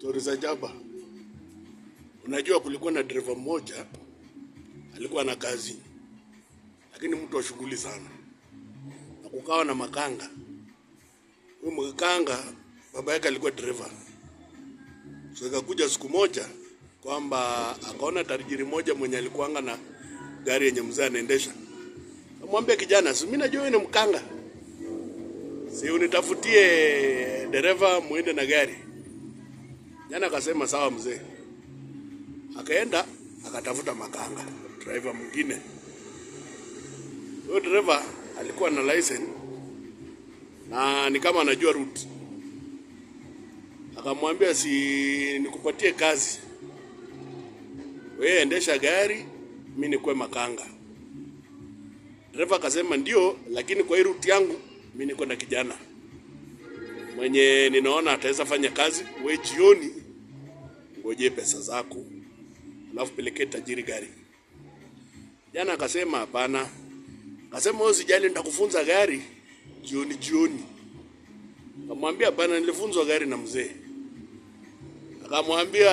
Stori za jaba. Unajua, kulikuwa na dereva mmoja alikuwa na kazi, lakini mtu wa shughuli sana, na kukawa na makanga. Huyu mkanga baba yake alikuwa dereva, so ikakuja siku moja kwamba akaona tarjiri moja mwenye alikuanga na gari yenye mzee anaendesha. Amwambia kijana, si mimi najua wewe ni mkanga, si unitafutie dereva muende na gari Jana akasema sawa mzee, akaenda akatafuta makanga driver mwingine. Huyo driver alikuwa na license na ni kama anajua route, akamwambia si nikupatie kazi, wewe endesha gari, mimi nikuwe makanga. Driver akasema ndio, lakini kwa hii route yangu mimi niko na kijana mwenye ninaona ataweza fanya kazi, we jioni ngojee pesa zako, alafu pelekee tajiri gari. Jana akasema hapana, akasema wewe usijali, nitakufunza gari jioni jioni. Akamwambia bana, nilifunzwa gari na mzee. Akamwambia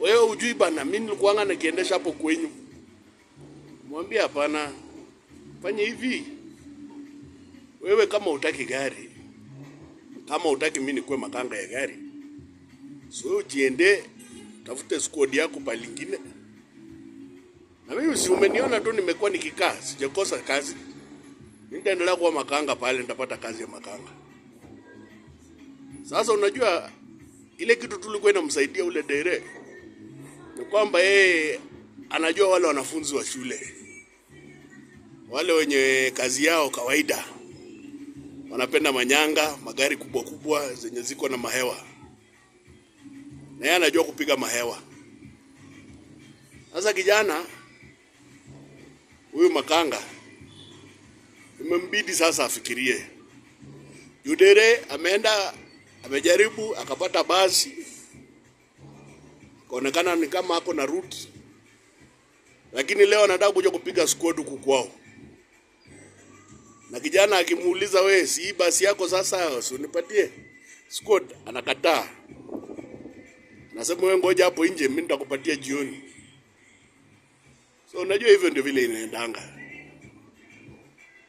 wewe ujui bana, mimi nilikuanga nikiendesha hapo kwenyu. Mwambia hapana, fanye hivi wewe, kama utaki gari, kama utaki mimi nikuwe makanga ya gari, so ujiende tafute squad yako lingine. Na mimi si umeniona tu, nimekuwa nikikaa, sijakosa kazi. Nitaendelea kuwa makanga pale, nitapata kazi ya makanga. Sasa unajua ile kitu tulikuwa inamsaidia ule Dere ni kwamba yeye anajua wale wanafunzi wa shule wale wenye kazi yao kawaida wanapenda manyanga, magari kubwa kubwa zenye ziko na mahewa na yeye anajua kupiga mahewa. Sasa kijana huyu Makanga imembidi sasa afikirie. Judere ameenda amejaribu, akapata basi, kaonekana ni kama ako na route, lakini leo anataka kuja kupiga squad huku kwao na kijana akimuuliza, we si basi yako sasa, usinipatie squad, anakataa. Nasema wewe ngoja hapo nje, mimi nitakupatia jioni. So unajua hivyo ndio vile inaendanga,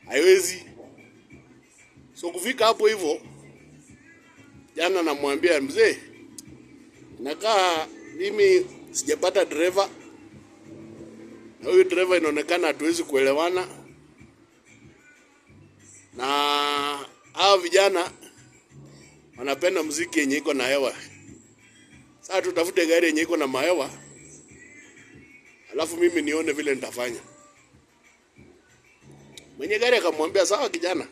haiwezi. So kufika hapo hivyo, jana namwambia mzee, nakaa mimi sijapata driver na huyu driver inaonekana hatuwezi kuelewana, na hawa vijana wanapenda muziki yenye iko na hewa. Sasa tutafute gari yenye iko na mahewa, alafu mimi nione vile nitafanya. Mwenye gari akamwambia sawa, kijana,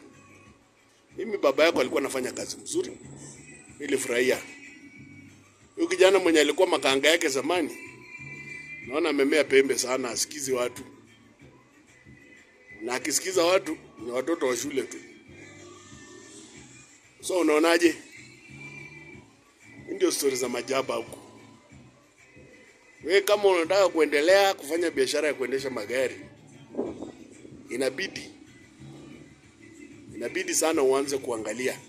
mimi baba yako alikuwa anafanya kazi mzuri, nilifurahia. Huyu kijana mwenye alikuwa makanga yake zamani, naona amemea pembe sana, asikizi watu, na akisikiza watu ni watoto wa shule tu. So unaonaje? hiyo stori za majaba huko. We kama unataka kuendelea kufanya biashara ya kuendesha magari, inabidi inabidi sana uanze kuangalia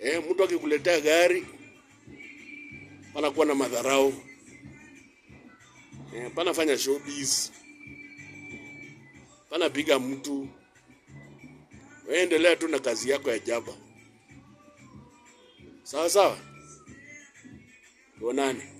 e, mtu akikuletea gari panakuwa na madharau e, panafanya showbiz, panapiga mtu. Wewe endelea tu na kazi yako ya jaba, sawa sawa. Tuonane.